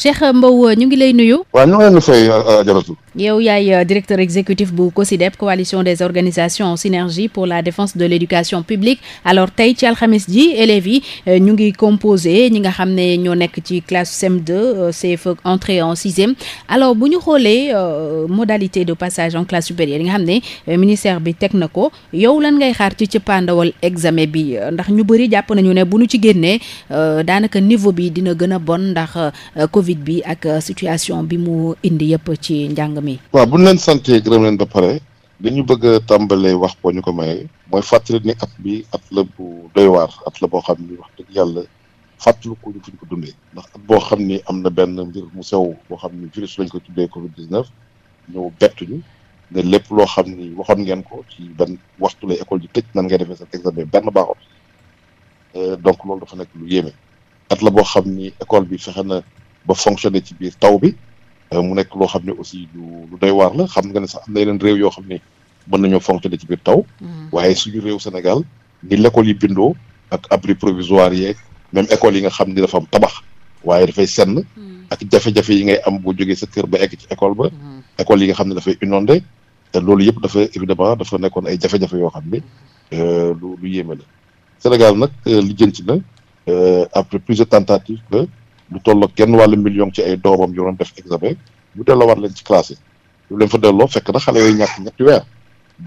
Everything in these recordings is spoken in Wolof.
Cheikh Mbow euh, ñu ngi lay nuyu. waaw ñu ngi leen di fay Ajaratu. Euh, euh, yow yaay directeur exécutif bu COSYDEP coalition des organisations en synergie pour la défense de l' éducation publique alors tey ci alxamis ji élèves yi ñu ngi composé ñi nga xam ne ñoo nekk ci classe CM2 CFEE entrée en sixième alors bu ñu xoolee modalité de passage en classe supérieure yi nga xam ne ministère bi teg na ko yow lan ngay xaar ci cëppaandawal examen bi ndax ñu bëri jàpp nañu ne bu ñu ci génnee daanaka niveau bi dina gën a bon ndax Covid bi ak euh, situation bi mu indi yëpp ci njàng mi. waa bu ñu leen santee gërëm leen ba pare dañu bëgg a tàmbalee wax boo ñu ko mayee mooy fàttali ni at bi at la bu doy waar at la boo xam ni wax dëgg yàlla fàttaliku ko ñu ko dundee ndax at boo xam ni am na benn mbir mu sew boo xam ni virus lañ ko tuddee Covid 19 ñëw bettuñu. ne lépp loo xam ni waxoon ngeen ko ci benn waxtu lay école ji tëj nan ngay defee sa examen benn baaxoon euh, donc loolu dafa nekk lu yéeme at la boo xam ni école bi fexe na ba fonctionner ci biir taw bi euh, mu nekk loo xam ne aussi lu lu waar la xam nga ne sax am na yeneen réew yoo xam ne mën nañoo fonctionner ci biir taw. Mm. waaye suñu réew Sénégal ni l'école yi bindoo ak abri provisoire yeeg même école yi nga xam ni dafa am tabax waaye dafay senn. Mm. ak jafe-jafe yi ngay am boo jógee sa kër ba egg ci école ba. Mm. école yi nga xam ne dafay inondé te loolu yëpp dafa évidemment dafa nekkoon ay jafe yoo xam ni euh, lu lu yéeme la Sénégal nag euh, lijjanti na après plusieurs tentatives que. lu tolloog genn wàllu million ci ay doomam yu doon def examen mu delloowaat leen ci classe yi lu leen fa delloo fekk na xale yooyu ñàkk ñetti weer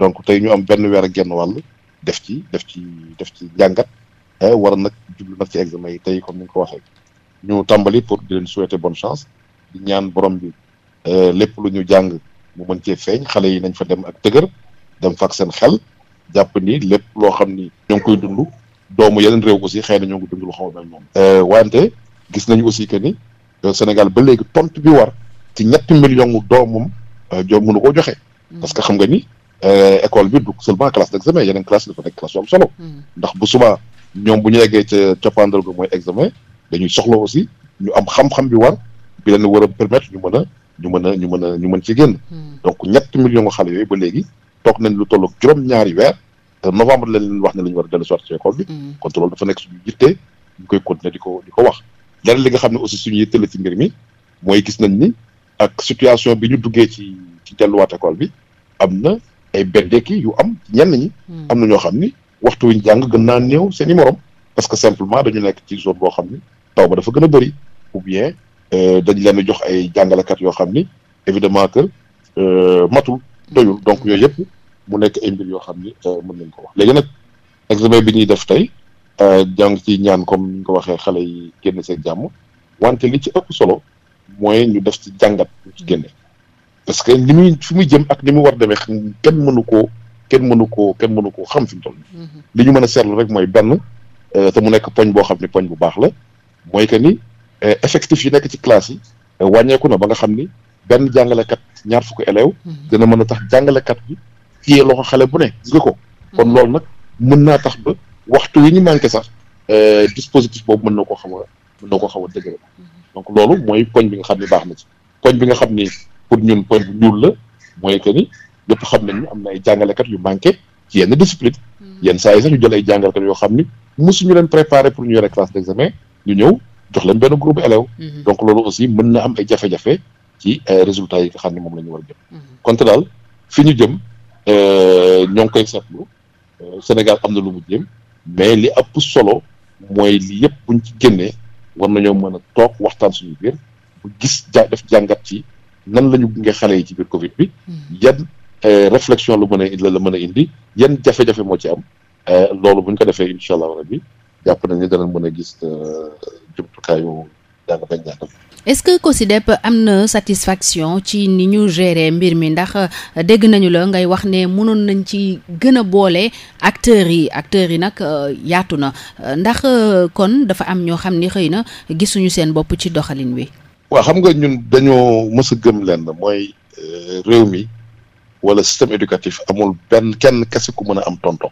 donc tey ñu am benn weer ak genn wàll def ci def ci def ci njàngat eh, war a nag jublu nag ci examen yi tey comme ni nga ko waxee ñu tàmbali pour di leen souhaiter bonne chance ñaan borom bi eh, lépp lu ñu jàng mu mën cee feeñ xale yi nañ fa dem ak dëgër dem fa ak seen xel jàpp ni lépp loo xam ni ñoo ngi koy dund doomu yeneen rew aussi xëy na ñoo ngi dund lu xaw a mel eh, wante gis nañu aussi que ni euh, Sénégal ba léegi tontu bi war ci ñetti million doomam jo euh, mënu ko joxe. Mm. parce que xam nga ni euh, école bi du seulement classe d'examen yeneen classe dafa nekk classe yu am solo. Mm. ndax bu subaa ñoom bu ñu yeggee ca coppandal ga mooy examen dañuy soxla aussi ñu am xam-xam bi war bi leen war a permettre ñu mën ñu mën a ñu mën a ñu mën ci génn. Mm. donc ñetti million xale yooyu ba léegi toog nañ lu tollook juróom-ñaari weer te novembre lañ leen ne la ñu war a dellu si waat ci école bi. kon loolu dafa nekk suñu yitte koy continuer di ko di ko wax. leneen li nga xam ne aussi suñu yittale ci mbir mi mooy gis nañ ni ak situation bi ñu duggee ci ci delluwaat école bi am na ay beddeeki yu am ñenn ñi. Hmm. am na ñoo xam ni waxtu wi jàng gën naa néew seen i parce que simplement dañu nekk ci zone boo xam ni taw ba dafa gën a bëri ou bien euh, dañ leen jox ay jàngalekat yoo xam ni évidemment que euh, matul doyul hmm. donc yooyu yëpp mu nekk ay mbir yoo xam ni euh, mën nañ ko wax léegi nag examen bi ñuy def tey. Euh, jàng ci ñaan comme ni nga ko waxee xale yi génn seen jàmm wante li ci ëpp solo mooy ñu def ci jàngat ñu ci parce que li muy fi muy jëm ak ni mu war demee xam kenn mënu koo kenn mënu koo kenn mënu koo xam fi mu mm-hmm. li ñu mën a seetlu rek mooy benn euh, te mu nekk poñ boo xam ne poñ bu baax la mooy que ni euh, effectif yi nekk ci classe yi wàññeeku na ba nga xam ni benn jàngalekat ñaar fukk élève mm-hmm. dina mën a tax jàngalekat bi fiyee loxo xale bu ne gis ko kon mm-hmm. loolu nag mën naa tax waxtu wi ñu manqué sax euh, dispositif boobu mën na koo xaw a mën na koo xaw a dëgëral donc loolu mooy poñ bi nga xam ne baax na ci poñ bi nga xam ni pour ñun poñ bu la mooy que ni yëpp xam nañu am ay jàngalekat yu manqué ci yenn discipline hmm. yenn saa yi ñu jël ay yoo xam ni mosuñu leen préparé pour ñu yore classe d' ñu ñëw jox leen benn groupe élève hmm. donc loolu aussi mën na am ay jafe-jafe ci euh, résultats yi nga xam ne moom la ñu war a jëm hmm. konte daal fi ñu jëm euh, ñoo ngi koy seetlu Sénégal am na lu mu jëm mais li ëpp solo mooy li yëpp buñ ci génnee war nañoo mën a toog waxtaan suñu biir bu gis ja def jàngat ci nan lañu ñu gunge xale yi ci biir Covid bi. Hmm. yan euh, réflexion lu mën a la la mën a indi yan jafe-jafe moo ci am euh, loolu buñ ko defee incha allah rabbi jàpp nañ ne danañ mën a gis euh, jumtukaayu jàng bañ ñaata. est-ce que COSYDEP am na satisfaction ci ni ñu gérer mbir mi ndax euh, dégg nañu la ngay wax ne mënoon nañ ci gën a boole acteur yi acteurs yi nag euh, yaatu na euh, ndax kon dafa am ñoo xam ni xëy na gisuñu seen bopp ci doxalin wi. waaw xam nga ñun dañoo mës a gëm lenn mooy réew mi wala système éducatif amul benn kenn kese ku mën a am tonton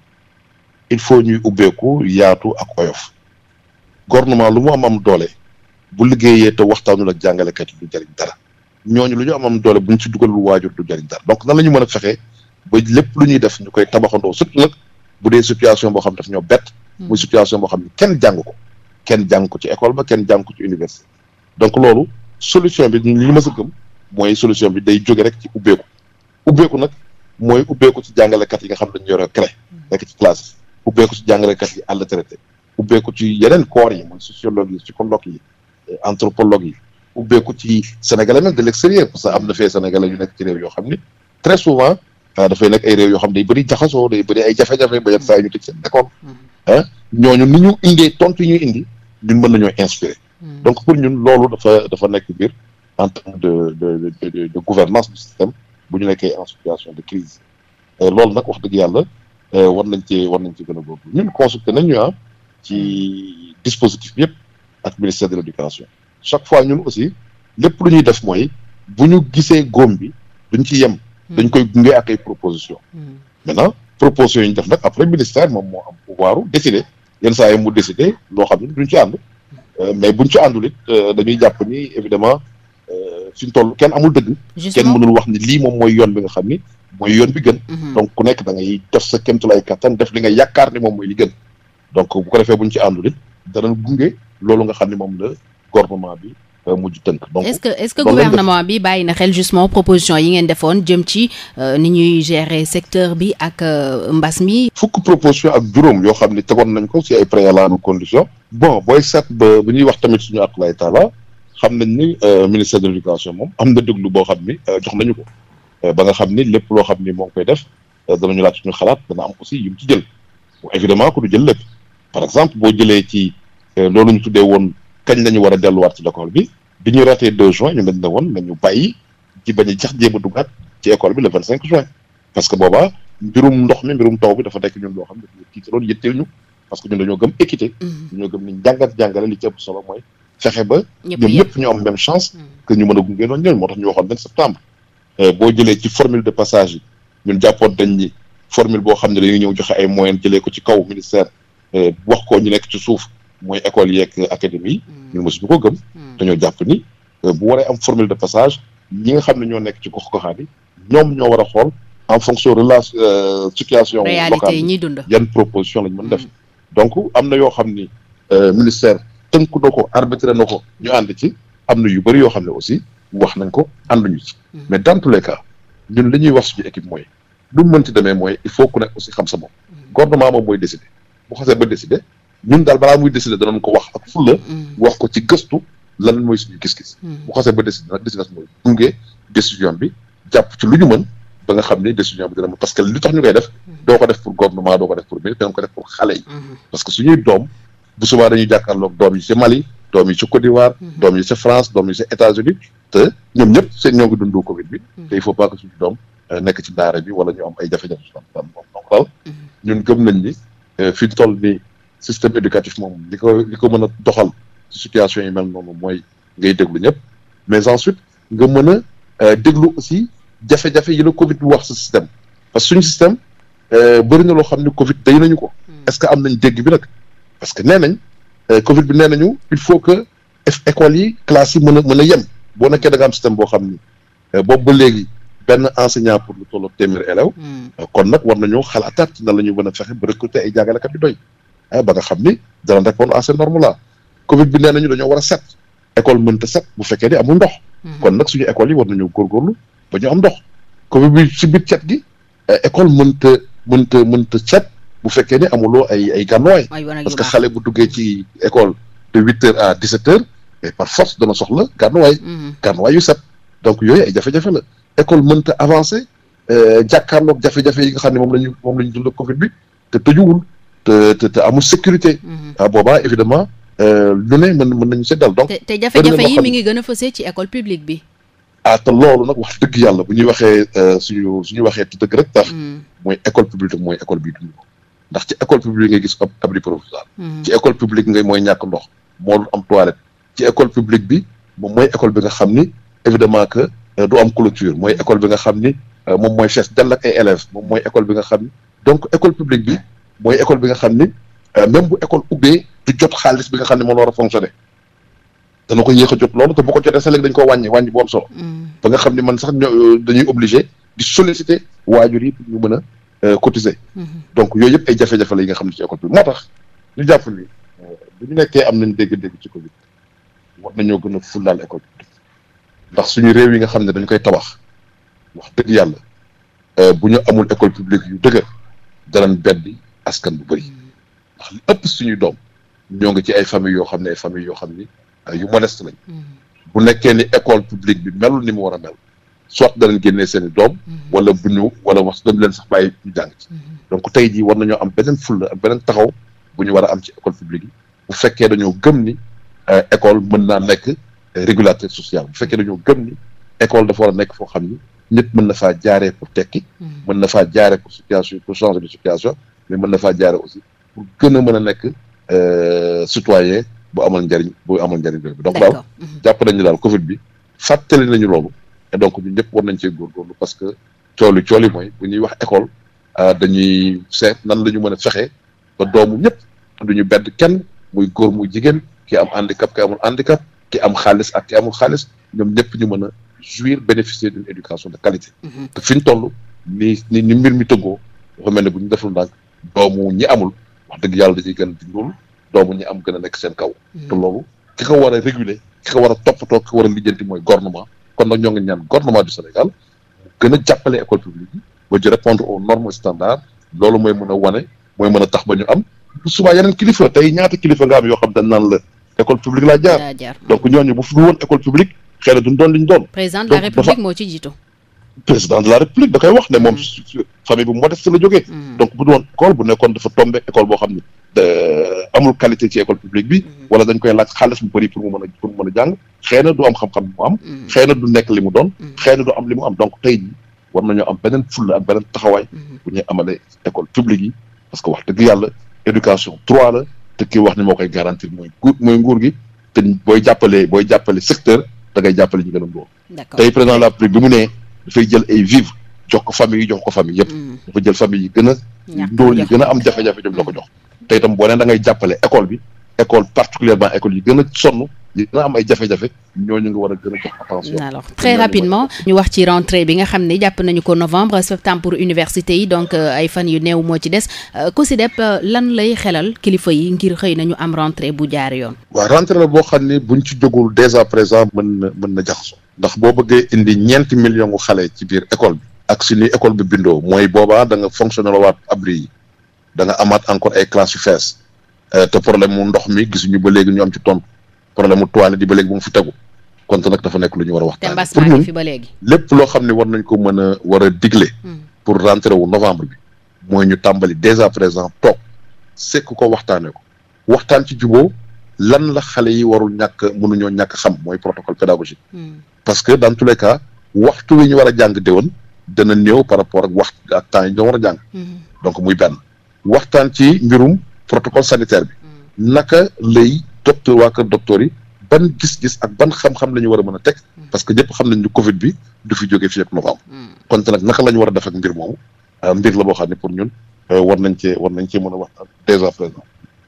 il faut ñuy ubbeeku yaatu ak oyof gouvernement lu mu am am doole. bu liggéeyee te waxtaanul la jàngalekat yi du jariñ dara ñooñu lu ñu am doole buñ ci dugalul waajur du jariñ dara donc nan la ñu mën a fexee ba lépp lu ñuy def ñu koy tabaxandoo surtout nag bu dee situation boo xam ne daf ñoo bett hmm. muy situation boo xam ne kenn jàng ko kenn jàng ko ci école ba kenn jàng ko ci université donc loolu solution bi li ñu mooy solution bi day jóge rek ci ubbeeku ubbeeku nag mooy ubbeeku ci jàngalekat yi nga xam dañu yore cré nekk ci classe ubbeeku ci jàngalekat yi à la ci yeneen corps yi mooy sociologue yi psychologue yi anthropologue yi ubbeeku ci sénégalais même de l'extérieur parce que am na fee sénégalais yu nekk ci réew yoo xam ni très souvent ah dafay nekk ay réew yoo xam day bëri jaxasoo day bëri ay jafe-jafe ba yenn saa yi ñu tëj seen école mm-hmm. ah, ñooñu ni ñu indee tontu yi ñuy indi ñun mën nañoo inspiré mm-hmm. donc pour ñun loolu dafa dafa nekk biir en terme de de de gouvernance du système bu ñu nekkee en situation de crise euh, loolu nag wax dëgg yàlla euh, war nañ cee war nañ ci gën a boobu ñun consulté nañ ñu ah, ci dispositif bi yëpp ak ministère de l'éducation chaque fois ñun aussi lépp lu ñuy def mooy bu ñu gisee góom bi duñ ci yem. Hmm. dañ koy gunge ak ay proposition hmm. maintenant propositions yi ñu def nag après ministère moom moo am pouvoiru décider yenn saa yi mu décider loo xam ne duñ ci ànd euh, mais buñ ci àndul euh, dañuy jàpp ni évidemment euh, fi ñu toll kenn amul dëgg. kenn mënul wax ni lii moom mooy yoon bi nga xam ni mooy yoon bi gën. Hmm. donc ku nekk da ngay def sa kéemtulaay kattan def li nga yaakaar ni moom mooy li gën donc bu ko defee buñ ci àndul it danañ loolu nga xam ne moom la gouvernement bi euh, mujj tënk donc est-ce que est-ce que gouvernement bi bàyyi na xel justement proposition yi ngeen defoon jëm ci euh, ni ñuy gérer secteur bi ak euh, mbas mi fukk proposition ak juróom yoo xam ne tegoon nañ ko si ay préalable condition bon booy seet ba bu ñuy wax tamit suñu ak lay taala xam nañ ni ministère de l'éducation moom am na déglu boo xam ni jox nañu ko ba nga xam ni lépp loo xam ni moo koy def danañu laaj suñu xalaat dana am aussi yu mu ci jël évidemment ku du jël lépp par exemple boo jëlee ci Euh, loolu ñu tuddee woon kañ la ñu war a delluwaat ci l'école bi bi ñu ratee 2 juin ñu leen ne woon nañu bàyyi ci bañ a jax jéem a dugaat ci école bi le 25 juin parce que booba mbirum ndox mi mbirum taw bi dafa nekk ñun loo xam ne dañoo tiitaloon yëtteel ñu parce que ñun dañoo gëm équité. Mm-hmm. dañoo gëm ni jàngat jàngale li ci ëpp solo mooy fexe ba. ñoom ñëpp ñoo am même chance. Mm-hmm. que ñu mën a gunge noonu ñoom moo tax ñu waxoon benn septembre. Euh, boo jëlee ci formule de passage yi ñun dañ formule boo xam ne dañuy ñëw joxe ay moyens jëlee ko ci kaw ministère euh, wax ko ñu nekk ci suuf mooy école yeeg académie hmm. ñun mosuñu ko gëm hmm. dañoo jàpp ni euh, bu waree am formule de passage ñi nga xam ne ñoo nekk ci ko goxaan yi ñoom ñoo war a xool en fonction de la euh, situation locale yi ñuy dund yan proposition lañ mën def hmm. donc am na yoo xam ni euh, ministère tënku na ko arbitré na ko ñu ànd ci am na yu bëri yoo xam ne aussi wax nañ ko ànduñu ci mais dans tous les cas ñun li ñuy wax suñu équipe mooy lu mën ci demee mooy il faut ku nekk aussi xam sa bopp gouvernement moom mooy décider bu ñun daal balaa muy décider danañ ko wax ak fulla mm-hmm. wax ko ci gëstu lan mooy suñu gis-gis mm-hmm. bu xasee ba décider nag décider mooy bi jàpp lu ñu mën ba nga xam ne décision bi parce que li koy def mm-hmm. doo ko def pour gouvernement doo ko def pour ministre danga ko def pour xale yi parce que suñuy doom bu subaa dañuy jàkkaarloog doom yi ci Mali doom yi ci Côte d'Ivoire doom yi ci France doom yi ci États-Unis te ñoom ñëpp seen ñoo ngi dundu Covid bi te il faut pas que suñu doom euh, nekk ci daara bi wala ñu am ay jafe-jafe donc système éducatif moom li ko li ko mën a doxal situation yi mel noonu mooy ngay déglu ñëpp mais ensuite nga mën a euh, déglu aussi jafe-jafe yi la Covid bi wax sa système parce que suñu système euh, bëri na loo xam ne Covid day nañu ko. Hmm. est que am nañ dégg bi nag parce que nee nañ euh, Covid bi nee ñu il faut que école yi classes yi mën a mën a yem boo nekkee da am système boo xam ni boobu ba léegi benn enseignant pour lu tolloo téeméer élèves. Hmm. kon nag war nañoo xalaataat ci nan la ñu mën a fexe ba recruter ay jàngalekat yu doy. Eh, ba nga xam ni dana a à ces normes là Covid bi nee nañu dañoo war a set fekkee ni amul ndox. Mhm. kon nag suñu école yi war nañu góorgóorlu ba ñu am ndox. Covid bi si biir set gi eh, école mënta set bu fekkee ni amuloo ay ay gànnuwaay. parce que xale bu duggee ci école de huit heures à dix sept heures mais eh, par force dana soxla gànnuwaay. Mhm. gànnuwaay yu set donc yooy ay jafe-jafe la école mënta avancer jàkkaarloog jafe-jafe yi nga xam ne moom la ñu la ñu dund Covid bi te tëjuwul. te te te amul sécurité. Mhm. ah boobaa évidemment euh, lu ne mën mën nañu seddal donc. te jafe-jafe yi mi ngi gën a fësee ci école publique bi. Ah, te loolu nag wax dëgg yàlla bu ñuy waxee euh, suñu suñuy waxee te dëgg rek tax. Mhm. mooy école publique mooy bi dund ndax ci école publique ngay gis abri provisoire. Mhm. ci mooy ñàkk ndox moo am toilette ci école publique bi moom mooy école bi nga xam ni évidemment que euh, du am clôture mooy école bi nga xam ni moom mooy fees dell ak ay moom mooy école bi nga xam ni donc école publique bi. mooy école bi nga xam ni euh, même bu école ubbee du jot xaalis bi nga xam ne moom war a fonctionner dana ko yéex a jot loolu te bu ko jotee sax léegi dañ ko wàññi wàññi bu am solo. Mm. ba nga xam ne man sax euh, dañuy obligé di solliciter waajur yi pour ñu euh, mm-hmm. donc yooyu yëpp ay jafe la yi nga xam ne ci école bi jàpp ni ñu nekkee am nañ dégg-dégg ci Covid war nañoo gën a fullaal école ndax suñu réew yi nga xam ne dañ koy tabax wax dëgg yàlla bu ñu amul école publique yu dëgër danañ beddi askan bu bëri mm. li ëpp suñuy doom ñoo ngi ci ay famille yoo xam ne ay famille yoo xam ni yu modeste lañ mm. bu nekkee ni école publique bi melul ni mu war a mel soit danañ génne seen i doom mm. wala bu ñu wala wax dañ leen sax bàyyi ñu jàng ci mm-hmm. donc tey jii war nañoo am beneen fulla ak beneen taxaw bu ñu war a am ci école publique bu fekkee dañoo gëm ni euh, école mën naa nekk régulateur social bu fekkee dañoo gëm ni école dafa war a nekk foo xam ni nit mën na faa jaaree pour tekki mën na faa jaaree pour situation pour changer de situation mais mën na faa jaare aussi pour gën a mën a nekk euh, citoyen boo amal njariñ boo amal njariñ bi donc daal jàpp nañu daal Covid bi fàttali nañu loolu et donc ñun ñëpp war nañ cee góorgóorlu parce que cool yi yi mooy bu ñuy wax école euh, dañuy seet nan la ñu mën a fexe ba doomu ñëpp du ñu bedd kenn muy góor muy jigéen ki am handicap ki amul ki am xaalis ak ki amul xaalis ñoom ñëpp ñu mën a jouir bénéficier d'une éducation de qualité mm-hmm. te fi ñu toll ni ni mbir mi tëggoo dafa mel ne bu ñu deful ndànk doomu ñi amul wax dëgg yàlla da ciy gën di ndóol doomu ñi am gën nekk seen kaw. Hmm. te loolu ki ko war a réguler ki ko war a toppatoo ki ko a lijjanti mooy gouvernement kon nag ñoo ngi ñaan gouvernement du Sénégal mu gën a école publique yi répondre aux normes standards loolu mooy mën a wane mooy mën a tax ba am bu subaa yeneen kilifa tey ñaata kilifa nga am yoo xam dañ naan la école publique laa jaar. donc ñooñu bu fi woon école publique xëy na duñ doon liñ doon. président de la république moo ci jiitu. président de la république da koy wax ne moom mm. famille bu modeste la jógee mm. donc bu doon école bu nekkoon dafa tombé école boo xam ne euh, amul qualité ci école publique bi mm. wala dañ koy laaj xaalis bu bëri pour mu mën a pour mu mën a jàng xëy na du am xam-xam bu mu am xëy na du nekk li mu doon xëy na du am li mu am donc tey ji war nañoo am beneen fulla ak beneen taxawaay bu ñuy amalee école publique yi parce que wax dëgg yàlla éducation droit la te kii wax ni moo koy garantir mooy nguur mooy nguur gi te booy jàppale booy jàppale secteur da ngay jàppale ñu gën a la république bi mu nee dafay jël ay vivre jox ko famille yi jox ko famille yëpp mm. dafa jël famille yi gën a ndóol yi gën a am jafe-jafe jom la ko mm. jox te itam boo leen da ngay jàppale école bi école particulièrement école yi gën a sonn yi gën a am ay jafe-jafe ñooñu nga war a gën a jox attention alors rapidement ñu wax ci rentrée bi nga xam ne jàpp nañu ko novembre septembre pour université yi donc euh, ay fan yu néew moo ci des euh, COSYDEP euh, lan lay xelal kilifa yi ngir xëy nañu am rentrée bu jaar yoon waaw rentrée la boo xam ne buñ ci jógul dès à mën mën na jaxasoo ndax boo bëggee indi ñeenti million gu xale ci biir école bi ak si ni école bi bindoo mooy boobaa da nga o waat abri yi danga nga amaat encore ay classes yu fees euh, te problème mu ndox mi gisuñu ba léegi ñu am ci tontu problème mu toilette yi ba léegi bu mu fi tegu kon nag dafa nekk lu ñu war a waxtaan pour ñun lépp loo xam ne war nañ ko mën a war a digle hmm. pour rentrée wu novembre bi mooy ñu tàmbali dès à présent toog sekk ko waxtaanee ko waxtaan ci juboo lan la xale yi warul ñàkk mënuñoo ñàkk xam mooy protocole pédagogique hmm. parce que dans tous les cas waxtu wi ñu war a jàng déwén dana néew par rapport ak wax ak temps a jàng. Mm-hmm. donc muy benn waxtaan ci mbirum protocole sanitaire bi. Mm-hmm. naka lay docteur waa kër docteur yi ban gis-gis ak ban xam-xam la ñu war a mën a teg. Mm-hmm. parce que ñëpp xam nañ ni Covid bi du fi joge fii ak novembre. kon nag naka la ñu war a def ak mbir moomu euh, mbir la boo xam ne pour ñun euh, war nañ cee war nañ cee mën a waxtaan dès à présent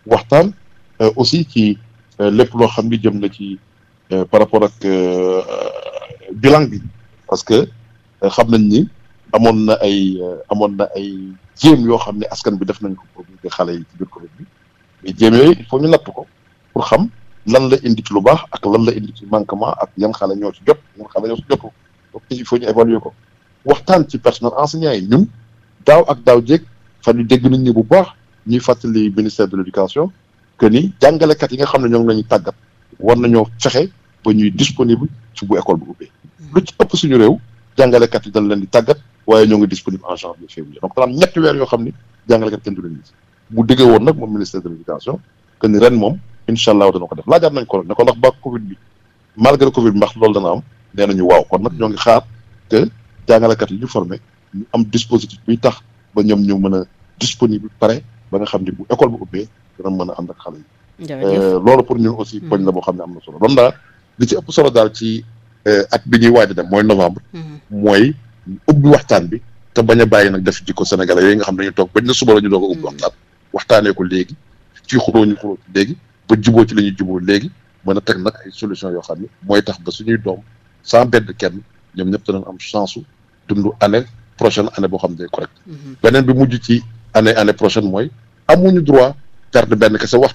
waxtaan euh, aussi ci lépp loo xam ni jëm na ci. Euh, par rapport ak euh, bilan bi parce que euh, xam nañ ni amoon na ay amoon na ay jéem yoo xam ne askan bi def nañ ko xale yi ci biir jéem yooyu il ñu natt ko pour xam lan la indi ci lu baax ak lan la indi ci manquement ak yan xale ñoo ci jot yan xale ñoo ci jotu donc il faut ñu évaluer ko waxtaan ci personnel enseignant yi ñun daaw ak daaw jéeg fan ñu dégg nañ ni bu baax ñuy fàttali ministère de l'éducation que ni jàngalekat yi nga xam ne ñoom la ñu tàggat war nañoo fexe. ba ñuy disponible ci bu école bu ubbee lu ci ëpp suñu réew jàngalekat yi dañ leen di tàggat waaye ñoo ngi disponible en janvier février donc maanaam ñetti weer yoo xam ni jàngalekat kenn du leen mu diggee woon nag moom ministère de l' éducation que ni ren moom incha allah dana ko def laajaat nañ ko nag ne ko ndax ba Covid bi malgré Covid bi ndax loolu dana am nee nañu waaw kon nag ñoo ngi xaar que jàngalekat yi ñu formé ñu am dispositif bi tax ba ñoom ñu mën a disponible pare ba nga xam ni bu école bu ubbee dana mën a ànd ak xale euh, loolu pour ñun aussi. Hmm. poñ la boo xam ne am na solo. li ci ëpp solo daal ci eh, at bi ñuy waaj a dem mooy novembre. Mm-hmm. mooy ubbi waxtaan bi te bañ a bàyyi nag def jikko Sénégalais yooyu nga xam ne dañu toog bañ na suba la ñu doog a ubbi mm-hmm. waxtaanee ko léegi ci xuloo ñu xuloo léegi ba juboo ci la ñuy juboo léegi mën na teg nag ay solution yoo xam ne mooy tax ba suñuy doom sans bedd kenn ñoom ñëpp danañ am chance su dund année prochaine année boo xam ne correct mm-hmm. beneen bi mujj ci année année prochaine mooy amuñu droit perdre benn kese wax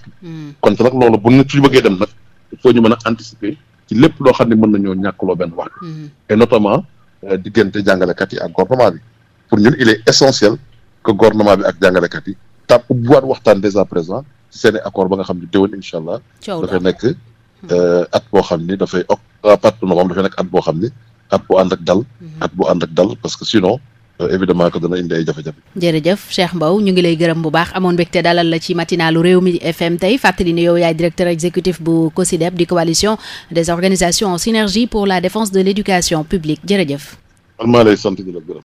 kon nag loolu bu ñu bëggee dem nag. il faut mën a anticiper ci lépp loo xam ne mën nañoo ñàkkloo benn waxtu mm-hmm. et notamment euh, diggante jàngalekat yi ak gouvernement bi pour ñun il est essentiel que gouvernement bi ak jàngalekat yi tàpp ubbiwaat waxtaan dès à présent ci seen i accord ba nga xam ne déwén incha allah dafay nekk mm-hmm. euh, at boo xam ni dafay ok at novembre dafay nekk at boo xam ni at bu ànd dal mm-hmm. at bu ànd ak dal parce que sinon évidemment que dana indi ay jafe-jafe. jërëjëf Cheikh Mbow ñu ngi lay gërëm bu baax amoon mbégte dalal la ci matinalu réew mi FM tey fàttali ne yow yaay directeur exécutif bu COSYDEP di coalition des organisations en synergie pour la défense de l' éducation publique jërëjëf. man maa lay